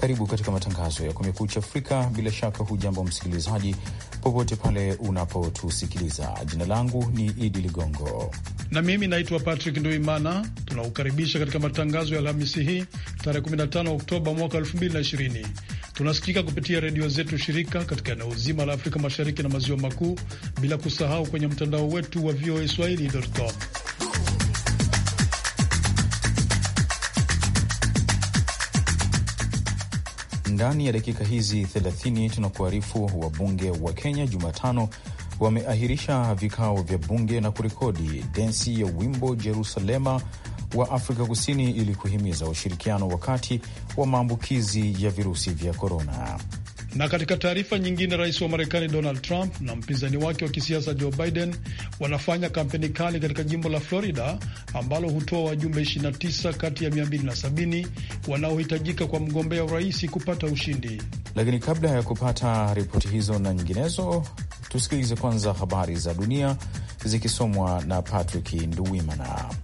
Karibu katika matangazo ya Kumekucha Afrika. Bila shaka, hujambo msikilizaji, popote pale unapotusikiliza. Jina langu ni Idi Ligongo na mimi naitwa Patrick Nduimana. Tunakukaribisha katika matangazo ya Alhamisi hii tarehe 15 Oktoba mwaka 2020. Tunasikika kupitia redio zetu shirika katika eneo zima la Afrika Mashariki na Maziwa Makuu, bila kusahau kwenye mtandao wetu wa VOA swahili.com. Ndani ya dakika hizi 30 tunakuarifu, wabunge wa Kenya Jumatano wameahirisha vikao vya bunge na kurekodi densi ya wimbo Jerusalema wa Afrika Kusini ili kuhimiza ushirikiano wakati wa maambukizi ya virusi vya korona. Na katika taarifa nyingine, rais wa Marekani Donald Trump na mpinzani wake wa kisiasa Joe Biden wanafanya kampeni kali katika jimbo la Florida ambalo hutoa wajumbe 29 kati ya 270 wanaohitajika kwa mgombea urais kupata ushindi. Lakini kabla ya kupata ripoti hizo na nyinginezo, tusikilize kwanza habari za dunia zikisomwa na Patrick Nduwimana.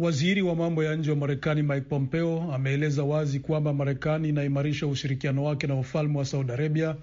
Waziri wa mambo ya nje wa Marekani Mike Pompeo ameeleza wazi kwamba Marekani inaimarisha ushirikiano wake na ufalme wa Saudi Arabia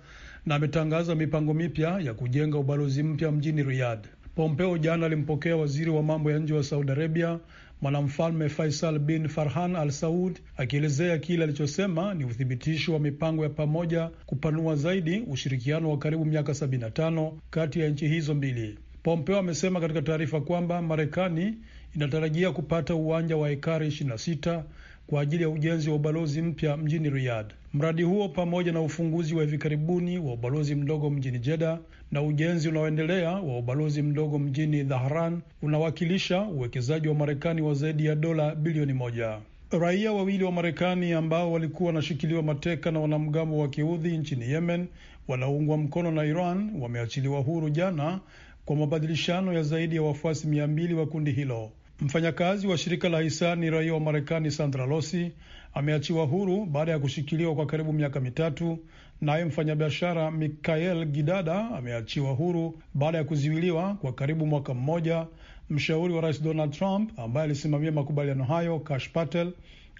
na ametangaza mipango mipya ya kujenga ubalozi mpya mjini Riyadh. Pompeo jana alimpokea waziri wa mambo ya nje wa Saudi Arabia mwanamfalme Faisal bin Farhan Al Saud akielezea kile alichosema ni uthibitisho wa mipango ya pamoja kupanua zaidi ushirikiano wa karibu miaka 75 kati ya nchi hizo mbili. Pompeo amesema katika taarifa kwamba Marekani inatarajia kupata uwanja wa ekari 26 kwa ajili ya ujenzi wa ubalozi mpya mjini Riyadh. Mradi huo pamoja na ufunguzi wa hivi karibuni wa ubalozi mdogo mjini Jeddah na ujenzi unaoendelea wa ubalozi mdogo mjini Dhahran unawakilisha uwekezaji wa Marekani wa zaidi ya dola bilioni moja. Raia wawili wa Marekani ambao walikuwa wanashikiliwa mateka na wanamgambo wa kiudhi nchini Yemen wanaoungwa mkono na Iran wameachiliwa huru jana kwa mabadilishano ya zaidi ya wafuasi mia mbili wa kundi hilo. Mfanyakazi wa shirika la hisani raia wa Marekani Sandra Losi ameachiwa huru baada ya kushikiliwa kwa karibu miaka mitatu. Naye mfanyabiashara Mikael Gidada ameachiwa huru baada ya kuziwiliwa kwa karibu mwaka mmoja. Mshauri wa rais Donald Trump ambaye alisimamia makubaliano hayo, Kash Patel,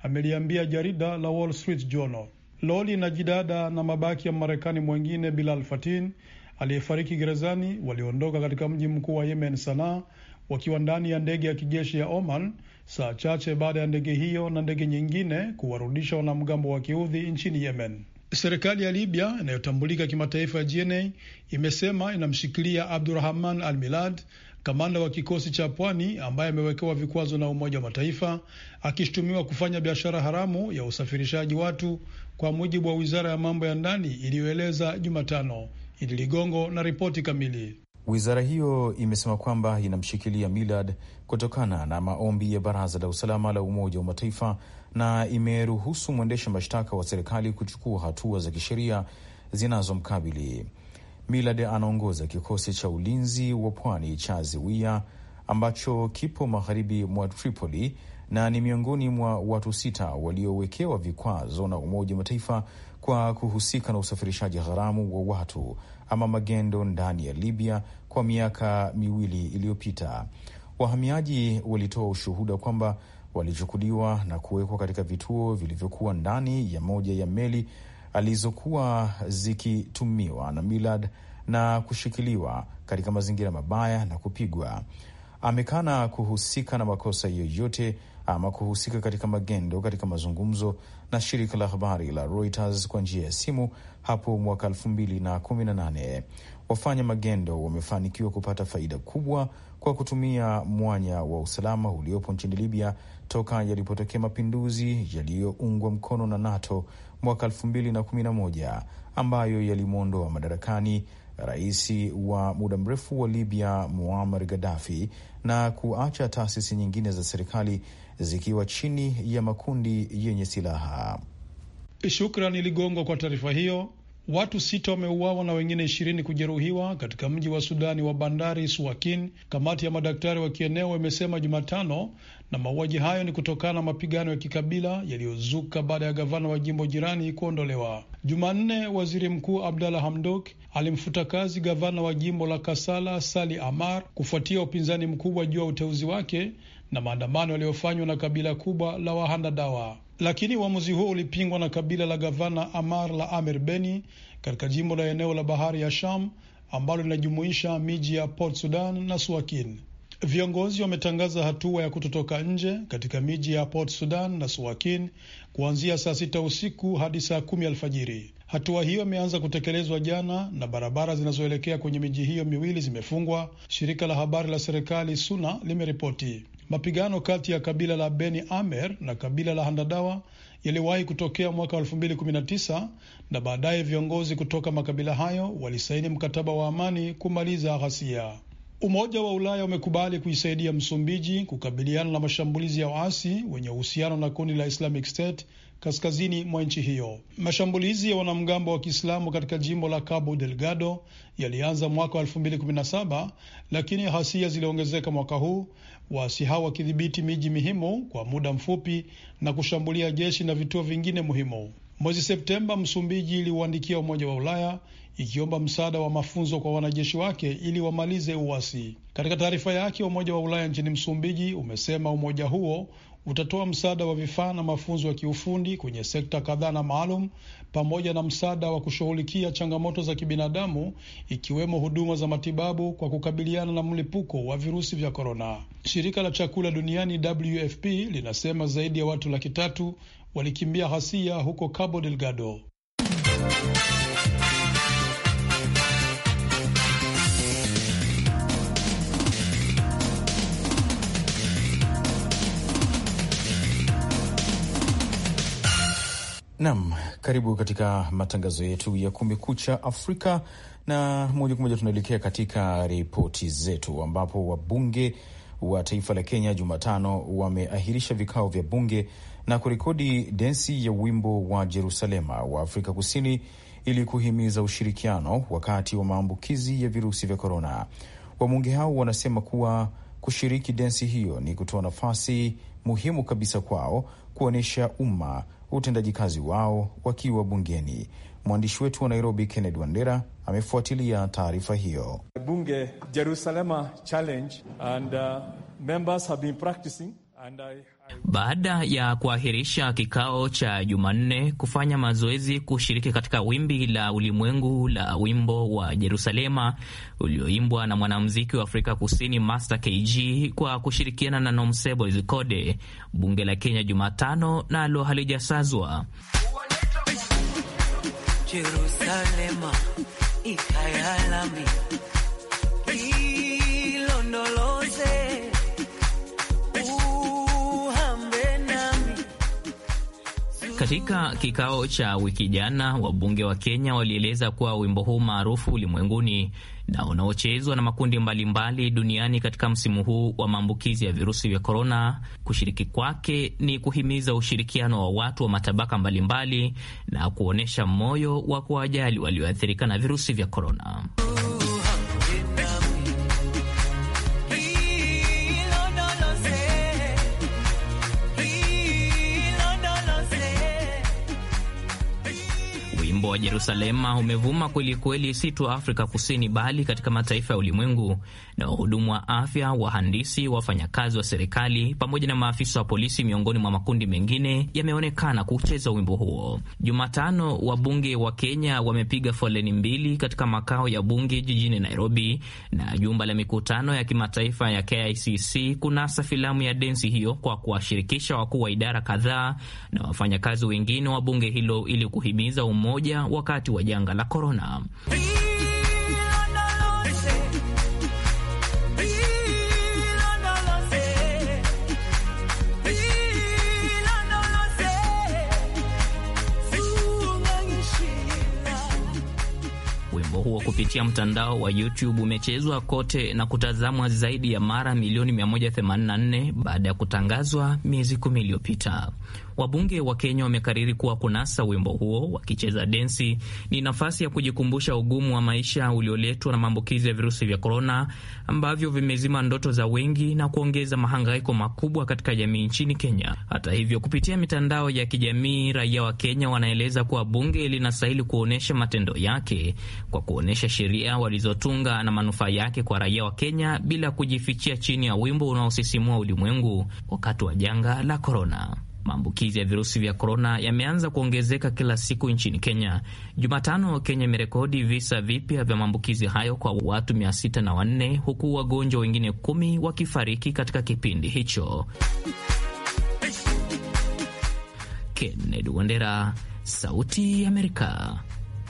ameliambia jarida la Wall Street Journal. Loli na Jidada na mabaki ya Marekani mwengine Bilal Fatin aliyefariki gerezani waliondoka katika mji mkuu wa Yemen, Sanaa, wakiwa ndani ya ndege ya kijeshi ya Oman saa chache baada ya ndege hiyo na ndege nyingine kuwarudisha wanamgambo wa kiudhi nchini Yemen. Serikali ya Libya inayotambulika kimataifa ya GNA imesema inamshikilia Abdurahman Al Milad, kamanda wa kikosi cha pwani ambaye amewekewa vikwazo na Umoja wa Mataifa akishutumiwa kufanya biashara haramu ya usafirishaji watu, kwa mujibu wa wizara ya mambo ya ndani iliyoeleza Jumatano. Idi Ligongo na ripoti kamili. Wizara hiyo imesema kwamba inamshikilia Milad kutokana na maombi ya Baraza la Usalama la Umoja wa Mataifa na imeruhusu mwendesha mashtaka wa serikali kuchukua hatua za kisheria zinazomkabili. Milad anaongoza kikosi cha ulinzi wa pwani cha Ziwia ambacho kipo magharibi mwa Tripoli na ni miongoni mwa watu sita waliowekewa vikwazo na Umoja wa Mataifa kwa kuhusika na usafirishaji haramu wa watu ama magendo ndani ya Libya kwa miaka miwili iliyopita. Wahamiaji walitoa ushuhuda kwamba walichukuliwa na kuwekwa katika vituo vilivyokuwa ndani ya moja ya meli alizokuwa zikitumiwa na Milad na kushikiliwa katika mazingira mabaya na kupigwa. Amekana kuhusika na makosa yoyote ama kuhusika katika magendo katika mazungumzo na shirika la habari la Reuters kwa njia ya simu hapo mwaka 2018. Wafanya magendo wamefanikiwa kupata faida kubwa kwa kutumia mwanya wa usalama uliopo nchini Libya toka yalipotokea mapinduzi yaliyoungwa mkono na NATO mwaka 2011 ambayo yalimwondoa madarakani rais wa muda mrefu wa Libya Muammar Gaddafi na kuacha taasisi nyingine za serikali zikiwa chini ya makundi yenye silaha. Shukrani Ligongo kwa taarifa hiyo. Watu sita wameuawa na wengine ishirini kujeruhiwa katika mji wa Sudani wa bandari Suakin, kamati ya madaktari wa kieneo imesema Jumatano, na mauaji hayo ni kutokana na mapigano ya kikabila yaliyozuka baada ya gavana wa jimbo jirani kuondolewa. Jumanne, waziri mkuu Abdalla Hamdok alimfuta kazi gavana wa jimbo la Kasala Sali Amar kufuatia upinzani mkubwa juu ya uteuzi wake na maandamano yaliyofanywa na kabila kubwa la Wahandadawa, lakini uamuzi huo ulipingwa na kabila la gavana Amar la Amer Beni katika jimbo la eneo la bahari ya Sham ambalo linajumuisha miji ya Port Sudan na Suakin. Viongozi wametangaza hatua ya kutotoka nje katika miji ya Port Sudan na Suakin kuanzia saa sita usiku hadi saa kumi alfajiri. Hatua hiyo imeanza kutekelezwa jana na barabara zinazoelekea kwenye miji hiyo miwili zimefungwa, shirika la habari la serikali SUNA limeripoti. Mapigano kati ya kabila la Beni Amer na kabila la Handadawa yaliwahi kutokea mwaka 2019 na baadaye viongozi kutoka makabila hayo walisaini mkataba wa amani kumaliza ghasia. Umoja wa Ulaya umekubali kuisaidia Msumbiji kukabiliana na mashambulizi ya waasi wenye uhusiano na kundi la Islamic State kaskazini mwa nchi hiyo. Mashambulizi ya wanamgambo wa Kiislamu katika jimbo la Cabo Delgado yalianza mwaka wa 2017 lakini ghasia ziliongezeka mwaka huu waasi hao wakidhibiti miji muhimu kwa muda mfupi na kushambulia jeshi na vituo vingine muhimu. Mwezi Septemba, Msumbiji iliuandikia Umoja wa Ulaya ikiomba msaada wa mafunzo kwa wanajeshi wake ili wamalize uasi. Katika taarifa yake, Umoja wa Ulaya nchini Msumbiji umesema umoja huo utatoa msaada wa vifaa na mafunzo ya kiufundi kwenye sekta kadhaa na maalum pamoja na msaada wa kushughulikia changamoto za kibinadamu ikiwemo huduma za matibabu kwa kukabiliana na mlipuko wa virusi vya korona. Shirika la chakula duniani WFP linasema zaidi ya watu laki tatu walikimbia ghasia huko Cabo Delgado. Nam, karibu katika matangazo yetu ya Kumekucha Afrika, na moja kwa moja tunaelekea katika ripoti zetu, ambapo wabunge wa taifa la Kenya Jumatano wameahirisha vikao vya bunge na kurekodi densi ya wimbo wa Jerusalema wa Afrika Kusini ili kuhimiza ushirikiano wakati wa maambukizi ya virusi vya korona. Wabunge hao wanasema kuwa kushiriki densi hiyo ni kutoa nafasi muhimu kabisa kwao kuonyesha umma utendaji kazi wao wakiwa bungeni. Mwandishi wetu wa Nairobi, Kennedy Wandera, amefuatilia taarifa hiyo. Bunge Jerusalema Challenge and uh, members have been practicing baada ya kuahirisha kikao cha Jumanne kufanya mazoezi kushiriki katika wimbi la ulimwengu la wimbo wa Jerusalema ulioimbwa na mwanamuziki wa Afrika Kusini Master KG kwa kushirikiana na Nomsebo Zikode, bunge la Kenya Jumatano nalo na halijasazwa Jerusalema ikayalami Katika kikao cha wiki jana, wabunge wa Kenya walieleza kuwa wimbo huu maarufu ulimwenguni na unaochezwa na makundi mbalimbali mbali duniani katika msimu huu wa maambukizi ya virusi vya korona, kushiriki kwake ni kuhimiza ushirikiano wa watu wa matabaka mbalimbali mbali, na kuonyesha moyo wa kuwajali walioathirika na virusi vya korona. Wimbo wa Jerusalema umevuma kwelikweli, si tu Afrika Kusini bali katika mataifa ya ulimwengu, na wahudumu wa afya, wahandisi, wafanyakazi wa serikali pamoja na maafisa wa polisi, miongoni mwa makundi mengine, yameonekana kucheza wimbo huo. Jumatano, wabunge wa Kenya wamepiga foleni mbili katika makao ya bunge jijini Nairobi na jumba la mikutano ya kimataifa ya KICC kunasa filamu ya densi hiyo kwa kuwashirikisha wakuu wa idara kadhaa na wafanyakazi wengine wa bunge hilo ili kuhimiza umoja pamoja wakati wa janga la korona. huo kupitia mtandao wa YouTube umechezwa kote na kutazamwa zaidi ya mara milioni 184 baada ya kutangazwa miezi kumi iliyopita. Wabunge wa Kenya wamekariri kuwa kunasa wimbo huo wakicheza densi ni nafasi ya kujikumbusha ugumu wa maisha ulioletwa na maambukizi ya virusi vya korona ambavyo vimezima ndoto za wengi na kuongeza mahangaiko makubwa katika jamii nchini Kenya. Hata hivyo, kupitia mitandao ya kijamii, raia wa Kenya wanaeleza kuwa bunge linastahili kuonyesha matendo yake kwa kuonyesha sheria walizotunga na manufaa yake kwa raia wa Kenya bila kujifichia chini ya wimbo unaosisimua ulimwengu wakati wa janga la korona maambukizi ya virusi vya korona yameanza kuongezeka kila siku nchini Kenya. Jumatano, Kenya imerekodi visa vipya vya maambukizi hayo kwa watu 604 huku wagonjwa wengine kumi wakifariki katika kipindi hicho. Kennedy Wandera, Sauti ya Amerika,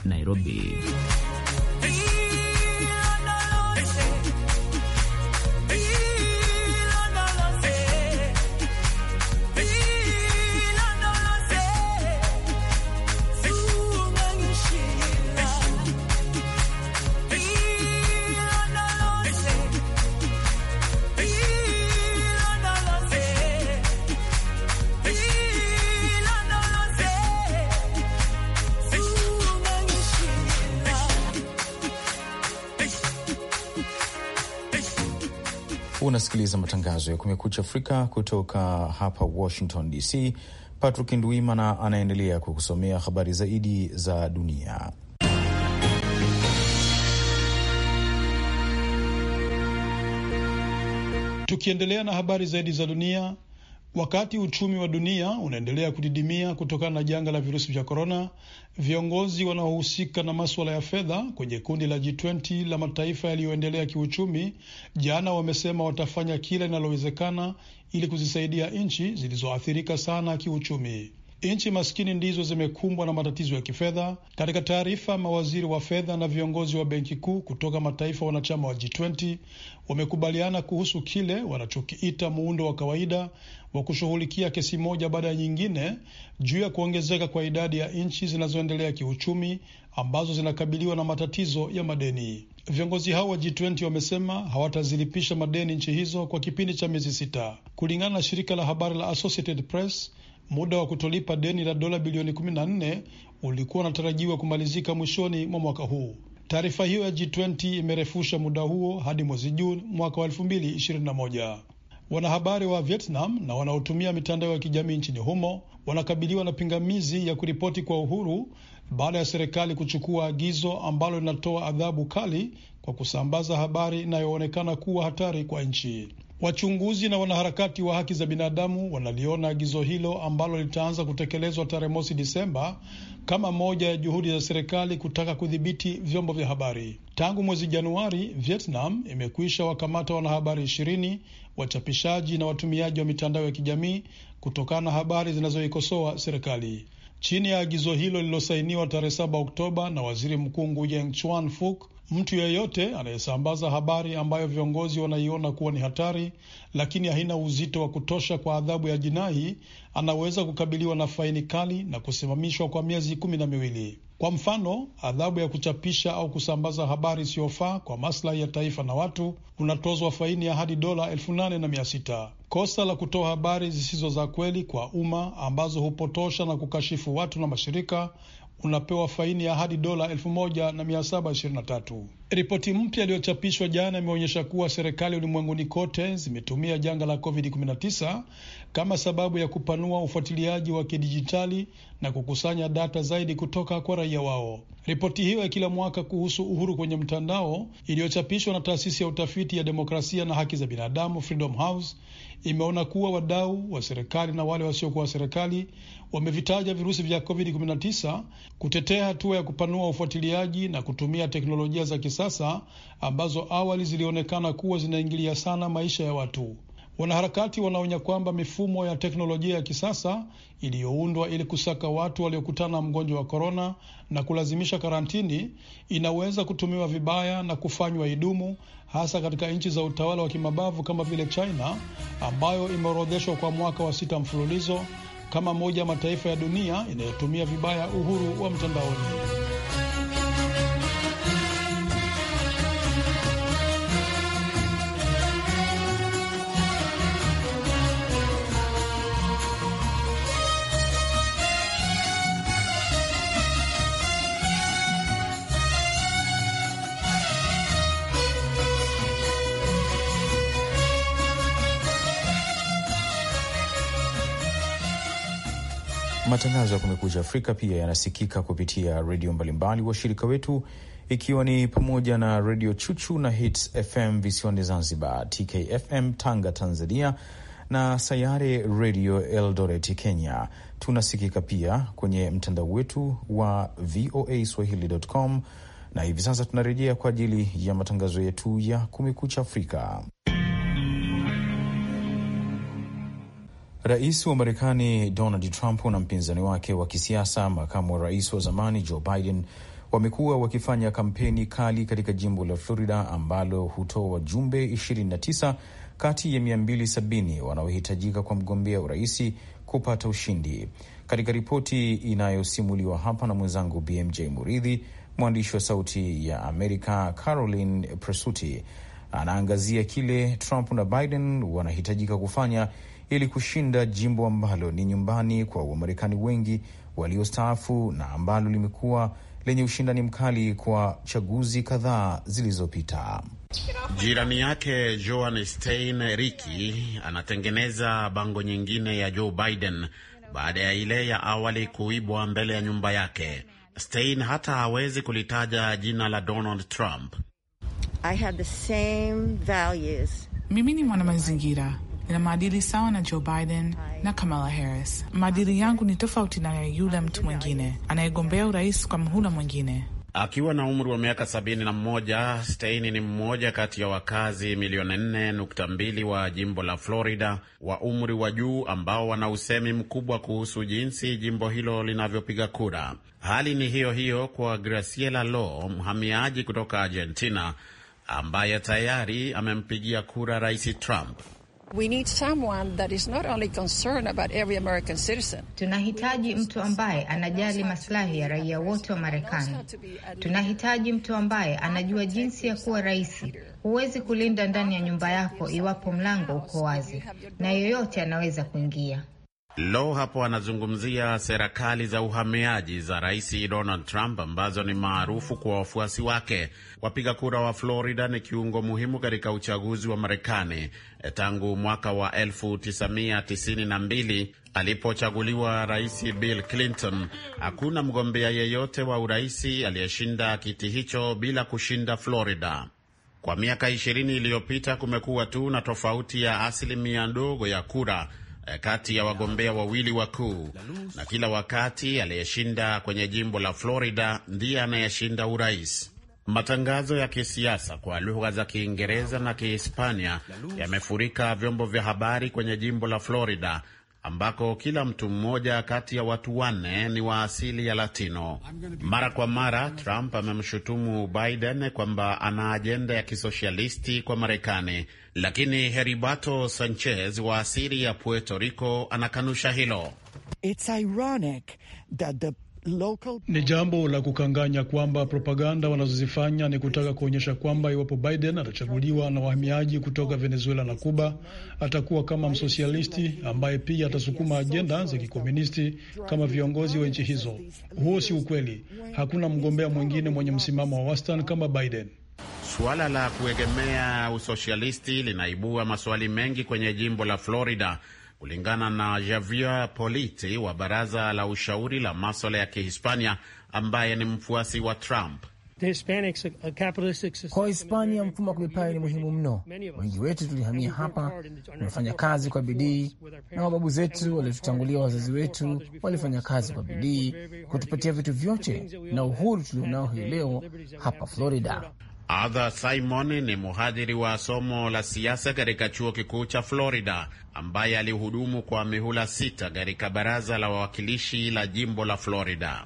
Nairobi. Unasikiliza matangazo ya Kumekucha Afrika kutoka hapa Washington DC. Patrick Ndwimana anaendelea kukusomea habari zaidi za dunia. Tukiendelea na habari zaidi za dunia, Wakati uchumi wa dunia unaendelea kudidimia kutokana na janga la virusi vya korona, viongozi wanaohusika na masuala ya fedha kwenye kundi la G20 la mataifa yaliyoendelea kiuchumi jana wamesema watafanya kila linalowezekana ili kuzisaidia nchi zilizoathirika sana kiuchumi. Nchi maskini ndizo zimekumbwa na matatizo ya kifedha. Katika taarifa, mawaziri wa fedha na viongozi wa benki kuu kutoka mataifa wanachama wa G20 wamekubaliana kuhusu kile wanachokiita muundo wa kawaida wa kushughulikia kesi moja baada ya nyingine juu ya kuongezeka kwa idadi ya nchi zinazoendelea kiuchumi ambazo zinakabiliwa na matatizo ya madeni. Viongozi hao wa G20 wamesema hawatazilipisha madeni nchi hizo kwa kipindi cha miezi sita. Kulingana na shirika la habari la Associated Press, Muda wa kutolipa deni la dola bilioni 14 ulikuwa unatarajiwa kumalizika mwishoni mwa mwaka huu. Taarifa hiyo ya G20 imerefusha muda huo hadi mwezi Juni mwaka wa 2021. Wanahabari wa Vietnam na wanaotumia mitandao ya kijamii nchini humo wanakabiliwa na pingamizi ya kuripoti kwa uhuru baada ya serikali kuchukua agizo ambalo linatoa adhabu kali kwa kusambaza habari inayoonekana kuwa hatari kwa nchi. Wachunguzi na wanaharakati wa haki za binadamu wanaliona agizo hilo ambalo litaanza kutekelezwa tarehe mosi Disemba kama moja ya juhudi za serikali kutaka kudhibiti vyombo vya habari. Tangu mwezi Januari, Vietnam imekwisha wakamata wanahabari ishirini, wachapishaji na watumiaji wa mitandao ya kijamii kutokana na habari zinazoikosoa serikali. Chini ya agizo hilo lililosainiwa tarehe 7 Oktoba na waziri mkuu Nguyen Chuan Phuk, Mtu yeyote anayesambaza habari ambayo viongozi wanaiona kuwa ni hatari, lakini haina uzito wa kutosha kwa adhabu ya jinai, anaweza kukabiliwa na faini kali na kusimamishwa kwa miezi kumi na miwili. Kwa mfano, adhabu ya kuchapisha au kusambaza habari isiyofaa kwa maslahi ya taifa na watu unatozwa faini ya hadi dola elfu nane na mia sita. Kosa la kutoa habari zisizo za kweli kwa umma ambazo hupotosha na kukashifu watu na mashirika unapewa faini ya hadi dola elfu moja na mia saba ishirini na tatu. Ripoti mpya iliyochapishwa jana imeonyesha kuwa serikali ulimwenguni kote zimetumia janga la COVID-19 kama sababu ya kupanua ufuatiliaji wa kidijitali na kukusanya data zaidi kutoka kwa raia wao. Ripoti hiyo ya kila mwaka kuhusu uhuru kwenye mtandao iliyochapishwa na taasisi ya utafiti ya demokrasia na haki za binadamu Freedom House imeona kuwa wadau wa serikali na wale wasiokuwa wa serikali wamevitaja virusi vya COVID-19 kutetea hatua ya kupanua ufuatiliaji na kutumia teknolojia za kisasa ambazo awali zilionekana kuwa zinaingilia sana maisha ya watu. Wanaharakati wanaonya kwamba mifumo ya teknolojia ya kisasa iliyoundwa ili kusaka watu waliokutana mgonjwa wa korona na kulazimisha karantini inaweza kutumiwa vibaya na kufanywa idumu, hasa katika nchi za utawala wa kimabavu kama vile China ambayo imeorodheshwa kwa mwaka wa sita mfululizo kama moja ya mataifa ya dunia inayotumia vibaya uhuru wa mtandaoni. Matangazo ya Kumekucha Afrika pia yanasikika kupitia redio mbalimbali washirika wetu, ikiwa ni pamoja na redio Chuchu na Hits FM visiwani Zanzibar, TKFM Tanga Tanzania, na Sayare redio Eldoret Kenya. Tunasikika pia kwenye mtandao wetu wa VOA swahili.com, na hivi sasa tunarejea kwa ajili ya matangazo yetu ya Kumekucha Afrika. Rais wa Marekani Donald Trump na mpinzani wake wa kisiasa makamu wa rais wa zamani Joe Biden wamekuwa wakifanya kampeni kali katika jimbo la Florida ambalo hutoa wajumbe 29 kati ya 270 wanaohitajika kwa mgombea uraisi kupata ushindi. Katika ripoti inayosimuliwa hapa na mwenzangu BMJ Muridhi, mwandishi wa Sauti ya Amerika Caroline Presuti anaangazia kile Trump na Biden wanahitajika kufanya ili kushinda jimbo ambalo ni nyumbani kwa Wamarekani wengi waliostaafu na ambalo limekuwa lenye ushindani mkali kwa chaguzi kadhaa zilizopita. Jirani yake Joan Stein Riki anatengeneza bango nyingine ya Joe Biden baada ya ile ya awali kuibwa mbele ya nyumba yake. Stein hata hawezi kulitaja jina la Donald Trump. I the same values. Mimi ni mwanamazingira Nina maadili sawa na Joe Biden na Kamala Harris. Maadili yangu ni tofauti na yule mtu mwingine anayegombea urais kwa mhula mwingine. Akiwa na umri wa miaka sabini na mmoja, Stein ni mmoja kati ya wakazi milioni nne nukta mbili wa jimbo la Florida wa umri wa juu ambao wana usemi mkubwa kuhusu jinsi jimbo hilo linavyopiga kura. Hali ni hiyo hiyo kwa Graciela Lo, mhamiaji kutoka Argentina ambaye tayari amempigia kura Rais Trump. Tunahitaji mtu ambaye anajali maslahi ya raia wote wa Marekani. Tunahitaji mtu ambaye anajua jinsi ya kuwa rais. Huwezi kulinda ndani ya nyumba yako iwapo mlango uko wazi, na yeyote anaweza kuingia. Lo hapo anazungumzia serikali za uhamiaji za Rais Donald Trump ambazo ni maarufu kwa wafuasi wake. Wapiga kura wa Florida ni kiungo muhimu katika uchaguzi wa Marekani eh, tangu mwaka wa 1992 alipochaguliwa Rais Bill Clinton. Hakuna mgombea yeyote wa uraisi aliyeshinda kiti hicho bila kushinda Florida. Kwa miaka ishirini iliyopita kumekuwa tu na tofauti ya asilimia ndogo ya kura Eh, kati ya wagombea wawili wakuu, na kila wakati aliyeshinda kwenye jimbo la Florida ndiye anayeshinda urais. Matangazo ya kisiasa kwa lugha za Kiingereza na Kihispania yamefurika vyombo vya habari kwenye jimbo la Florida ambako kila mtu mmoja kati ya watu wanne ni wa asili ya Latino. Mara kwa mara Trump amemshutumu Biden kwamba ana ajenda ya kisoshalisti kwa Marekani, lakini Heriberto Sanchez wa asili ya Puerto Rico anakanusha hilo. It's ironic that the local... Ni jambo la kukanganya kwamba propaganda wanazozifanya ni kutaka kuonyesha kwamba iwapo Biden atachaguliwa na wahamiaji kutoka Venezuela na kuba atakuwa kama msosialisti ambaye pia atasukuma ajenda za kikomunisti kama viongozi wa nchi hizo. Huo si ukweli. Hakuna mgombea mwingine mwenye msimamo wa wastani kama Biden. Suala la kuegemea usosialisti linaibua maswali mengi kwenye jimbo la Florida kulingana na Javier Politi wa baraza la ushauri la maswala ya Kihispania ambaye ni mfuasi wa Trump. Kwa Hispania mfumo wa kubepari ni muhimu mno. Wengi wetu tulihamia hapa, tumefanya kazi kwa bidii, na mababu zetu waliotutangulia, wazazi wetu walifanya kazi kwa bidii kutupatia vitu vyote na uhuru tulionao hii leo hapa Florida. Arthur Simon ni mhadhiri wa somo la siasa katika chuo kikuu cha Florida ambaye alihudumu kwa mihula sita katika baraza la wawakilishi la jimbo la Florida.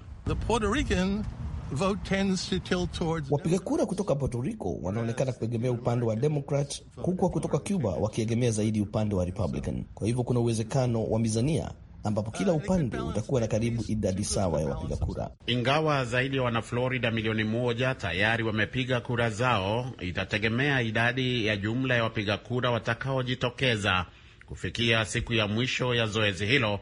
Towards... wapiga kura kutoka Puerto Rico wanaonekana kuegemea upande wa Democrat, huku kutoka Cuba wakiegemea zaidi upande wa Republican. Kwa hivyo kuna uwezekano wa mizania ambapo kila uh, upande utakuwa na karibu idadi sawa ya wapiga kura. Ingawa zaidi ya Wanaflorida milioni moja tayari wamepiga kura zao, itategemea idadi ya jumla ya wapiga kura watakaojitokeza kufikia siku ya mwisho ya zoezi hilo,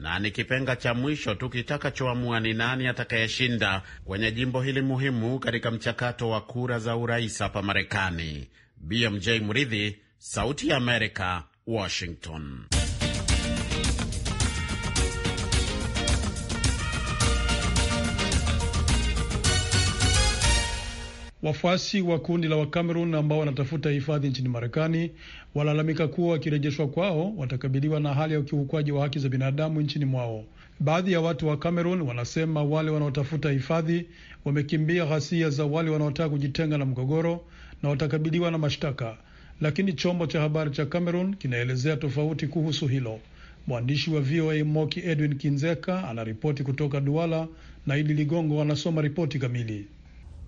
na ni kipenga cha mwisho tu kitakachoamua ni nani atakayeshinda kwenye jimbo hili muhimu katika mchakato wa kura za urais hapa Marekani. BMJ Mridhi, Sauti ya Amerika, Washington. Wafuasi wa kundi la Wacameron ambao wanatafuta hifadhi nchini Marekani walalamika kuwa wakirejeshwa kwao watakabiliwa na hali ya ukiukwaji wa haki za binadamu nchini mwao. Baadhi ya watu wa Cameron wanasema wale wanaotafuta hifadhi wamekimbia ghasia za wale wanaotaka kujitenga na mgogoro na watakabiliwa na mashtaka, lakini chombo cha habari cha Cameron kinaelezea tofauti kuhusu hilo. Mwandishi wa VOA Moki Edwin Kinzeka anaripoti kutoka Duala na Idi Ligongo anasoma ripoti kamili.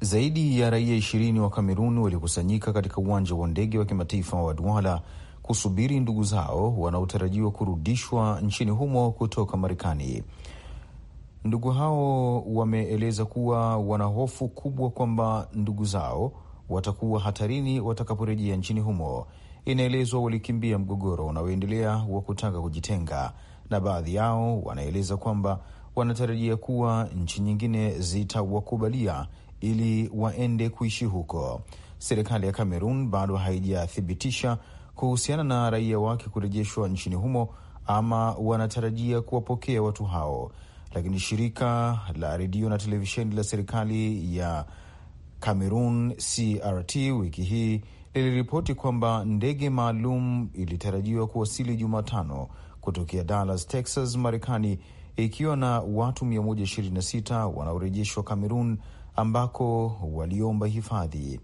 Zaidi ya raia ishirini wa Kamerun waliokusanyika katika uwanja wa ndege wa kimataifa wa duala kusubiri ndugu zao wanaotarajiwa kurudishwa nchini humo kutoka Marekani. Ndugu hao wameeleza kuwa wana hofu kubwa kwamba ndugu zao watakuwa hatarini watakaporejea nchini humo. Inaelezwa walikimbia mgogoro unaoendelea wa kutaka kujitenga, na baadhi yao wanaeleza kwamba wanatarajia kuwa nchi nyingine zitawakubalia ili waende kuishi huko. Serikali ya Kamerun bado haijathibitisha kuhusiana na raia wake kurejeshwa nchini humo ama wanatarajia kuwapokea watu hao, lakini shirika la redio na televisheni la serikali ya Kamerun CRT wiki hii liliripoti kwamba ndege maalum ilitarajiwa kuwasili Jumatano kutokea Dallas, Texas, Marekani, ikiwa na watu 126 wanaorejeshwa Kamerun ambako waliomba hifadhi.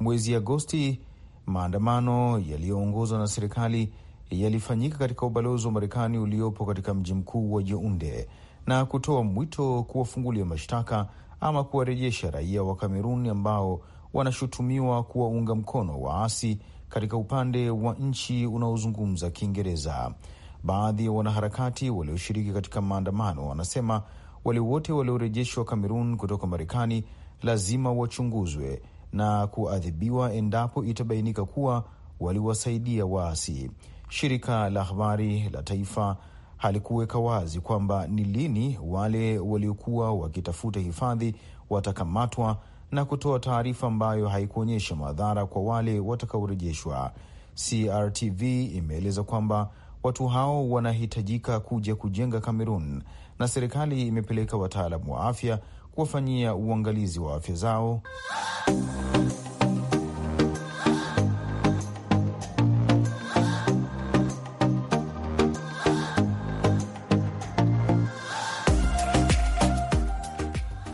Mwezi Agosti, maandamano yaliyoongozwa na serikali yalifanyika katika ubalozi wa Marekani uliopo katika mji mkuu wa jeunde na kutoa mwito kuwafungulia mashtaka ama kuwarejesha raia wa kameruni ambao wanashutumiwa kuwaunga mkono waasi katika upande wa nchi unaozungumza Kiingereza. Baadhi ya wanaharakati walioshiriki katika maandamano wanasema wale wote waliorejeshwa Kamerun kutoka Marekani lazima wachunguzwe na kuadhibiwa endapo itabainika kuwa waliwasaidia waasi. Shirika la habari la taifa halikuweka wazi kwamba ni lini wale waliokuwa wakitafuta hifadhi watakamatwa na kutoa taarifa ambayo haikuonyesha madhara kwa wale watakaorejeshwa. CRTV imeeleza kwamba watu hao wanahitajika kuja kujenga Kamerun na serikali imepeleka wataalamu wa afya kuwafanyia uangalizi wa afya zao.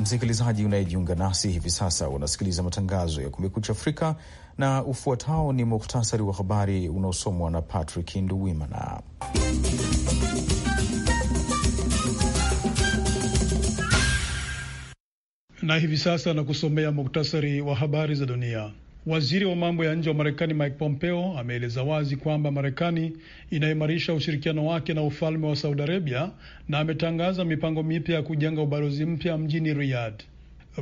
Msikilizaji unayejiunga nasi hivi sasa, unasikiliza matangazo ya Kumekucha Afrika na ufuatao ni muhtasari wa habari unaosomwa na Patrick Nduwimana. Na hivi sasa nakusomea muktasari wa habari za dunia. Waziri wa mambo ya nje wa Marekani Mike Pompeo ameeleza wazi kwamba Marekani inaimarisha ushirikiano wake na ufalme wa Saudi Arabia na ametangaza mipango mipya ya kujenga ubalozi mpya mjini Riyad.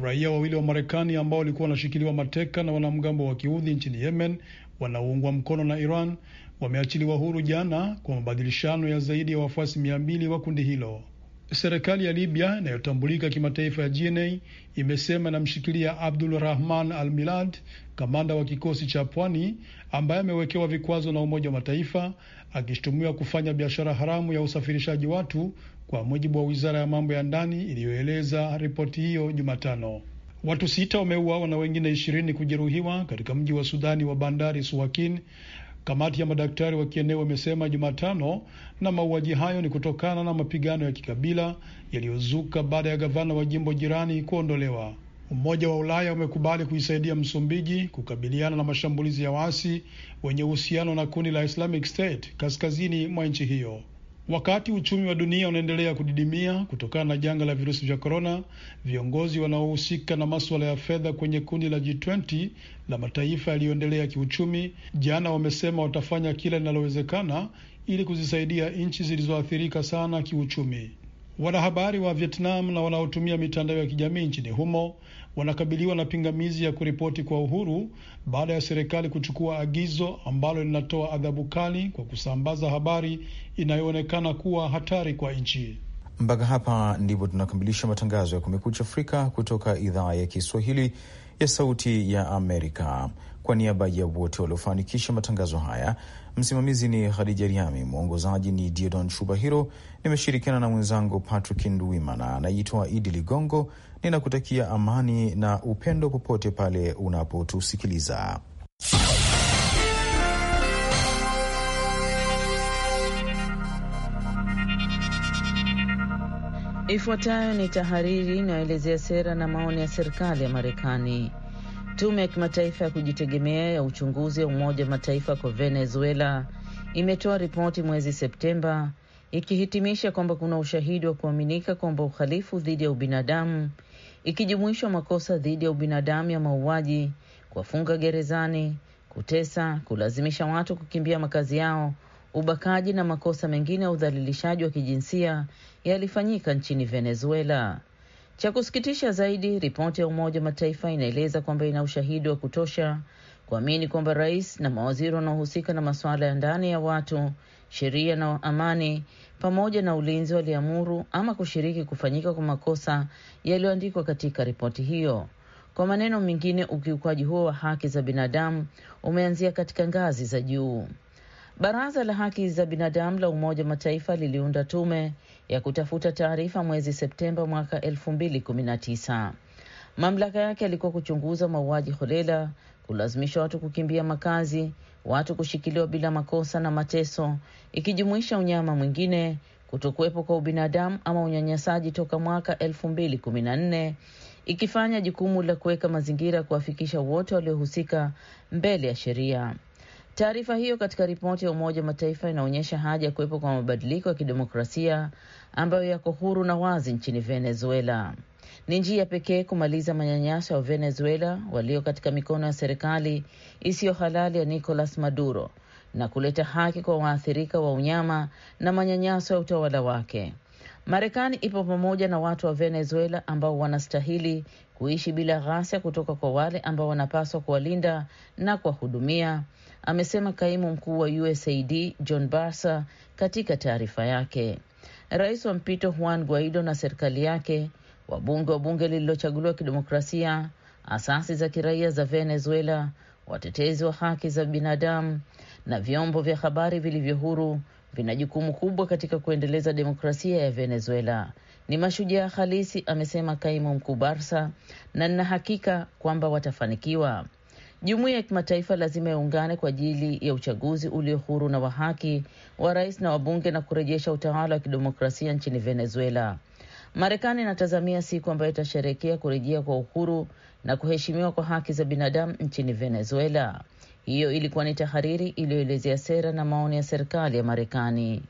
Raia wawili wa Marekani ambao walikuwa wanashikiliwa mateka na wanamgambo wa Kiudhi nchini Yemen wanaoungwa mkono na Iran wameachiliwa huru jana kwa mabadilishano ya zaidi ya wafuasi mia mbili wa kundi hilo. Serikali ya Libya inayotambulika kimataifa ya GNA imesema inamshikilia Abdul Rahman Al Milad, kamanda wa kikosi cha pwani ambaye amewekewa vikwazo na Umoja wa Mataifa akishutumiwa kufanya biashara haramu ya usafirishaji watu, kwa mujibu wa wizara ya mambo ya ndani iliyoeleza ripoti hiyo Jumatano. Watu sita wameuawa na wengine ishirini kujeruhiwa katika mji wa Sudani wa bandari Suwakin Kamati ya madaktari wa kieneo imesema Jumatano, na mauaji hayo ni kutokana na mapigano ya kikabila yaliyozuka baada ya gavana wa jimbo jirani kuondolewa. Umoja wa Ulaya umekubali kuisaidia Msumbiji kukabiliana na mashambulizi ya waasi wenye uhusiano na kundi la Islamic State kaskazini mwa nchi hiyo. Wakati uchumi wa dunia unaendelea kudidimia kutokana na janga la virusi vya korona, viongozi wanaohusika na maswala ya fedha kwenye kundi la G20 la mataifa yaliyoendelea kiuchumi jana wamesema watafanya kila linalowezekana ili kuzisaidia nchi zilizoathirika sana kiuchumi. Wanahabari wa Vietnam na wanaotumia mitandao ya kijamii nchini humo wanakabiliwa na pingamizi ya kuripoti kwa uhuru baada ya serikali kuchukua agizo ambalo linatoa adhabu kali kwa kusambaza habari inayoonekana kuwa hatari kwa nchi. Mpaka hapa ndipo tunakamilisha matangazo ya Kumekucha Afrika kutoka idhaa ya Kiswahili ya Sauti ya Amerika. Kwa niaba ya wote waliofanikisha matangazo haya Msimamizi ni Khadija Riami, mwongozaji ni Diodon Shubahiro. Nimeshirikiana na mwenzangu Patrick Nduwimana, anaitwa Idi Ligongo. Ninakutakia amani na upendo popote pale unapotusikiliza. Ifuatayo ni tahariri inayoelezea sera na maoni ya serikali ya Marekani. Tume ya kimataifa ya kujitegemea ya uchunguzi ya Umoja wa Mataifa kwa Venezuela imetoa ripoti mwezi Septemba ikihitimisha kwamba kuna ushahidi wa kuaminika kwamba uhalifu dhidi ya ubinadamu ikijumuishwa makosa dhidi ya ubinadamu ya mauaji, kuwafunga gerezani, kutesa, kulazimisha watu kukimbia makazi yao, ubakaji na makosa mengine ya udhalilishaji wa kijinsia yalifanyika nchini Venezuela. Cha kusikitisha zaidi, ripoti ya Umoja wa Mataifa inaeleza kwamba ina ushahidi wa kutosha kuamini kwamba rais na mawaziri wanaohusika na masuala ya ndani ya watu, sheria na amani, pamoja na ulinzi, waliamuru ama kushiriki kufanyika kwa makosa yaliyoandikwa katika ripoti hiyo. Kwa maneno mengine, ukiukwaji huo wa haki za binadamu umeanzia katika ngazi za juu. Baraza la haki za binadamu la Umoja wa Mataifa liliunda tume ya kutafuta taarifa mwezi Septemba mwaka 2019. Mamlaka yake yalikuwa kuchunguza mauaji holela, kulazimisha watu kukimbia makazi, watu kushikiliwa bila makosa na mateso, ikijumuisha unyama mwingine, kutokuwepo kwa ubinadamu ama unyanyasaji toka mwaka 2014, ikifanya jukumu la kuweka mazingira kuwafikisha wote waliohusika mbele ya sheria. Taarifa hiyo katika ripoti ya Umoja wa Mataifa inaonyesha haja ya kuwepo kwa mabadiliko ya kidemokrasia ambayo yako huru na wazi nchini Venezuela. Ni njia pekee kumaliza manyanyaso ya Venezuela walio katika mikono ya serikali isiyo halali ya Nicolas Maduro na kuleta haki kwa waathirika wa unyama na manyanyaso ya utawala wake. Marekani ipo pamoja na watu wa Venezuela ambao wanastahili kuishi bila ghasia kutoka kwa wale ambao wanapaswa kuwalinda na kuwahudumia, amesema kaimu mkuu wa USAID John Barsa katika taarifa yake. Rais wa mpito Juan Guaido na serikali yake, wabunge wa bunge lililochaguliwa kidemokrasia, asasi za kiraia za Venezuela, watetezi wa haki za binadamu na vyombo vya habari vilivyo huru vina jukumu kubwa katika kuendeleza demokrasia ya Venezuela. Ni mashujaa halisi, amesema kaimu mkuu Barsa, na nina hakika kwamba watafanikiwa. Jumuiya ya kimataifa lazima iungane kwa ajili ya uchaguzi ulio huru na wa haki wa rais na wabunge na kurejesha utawala wa kidemokrasia nchini Venezuela. Marekani inatazamia siku ambayo itasherehekea kurejea kwa uhuru na kuheshimiwa kwa haki za binadamu nchini Venezuela. Hiyo ilikuwa ni tahariri iliyoelezea sera na maoni ya serikali ya Marekani.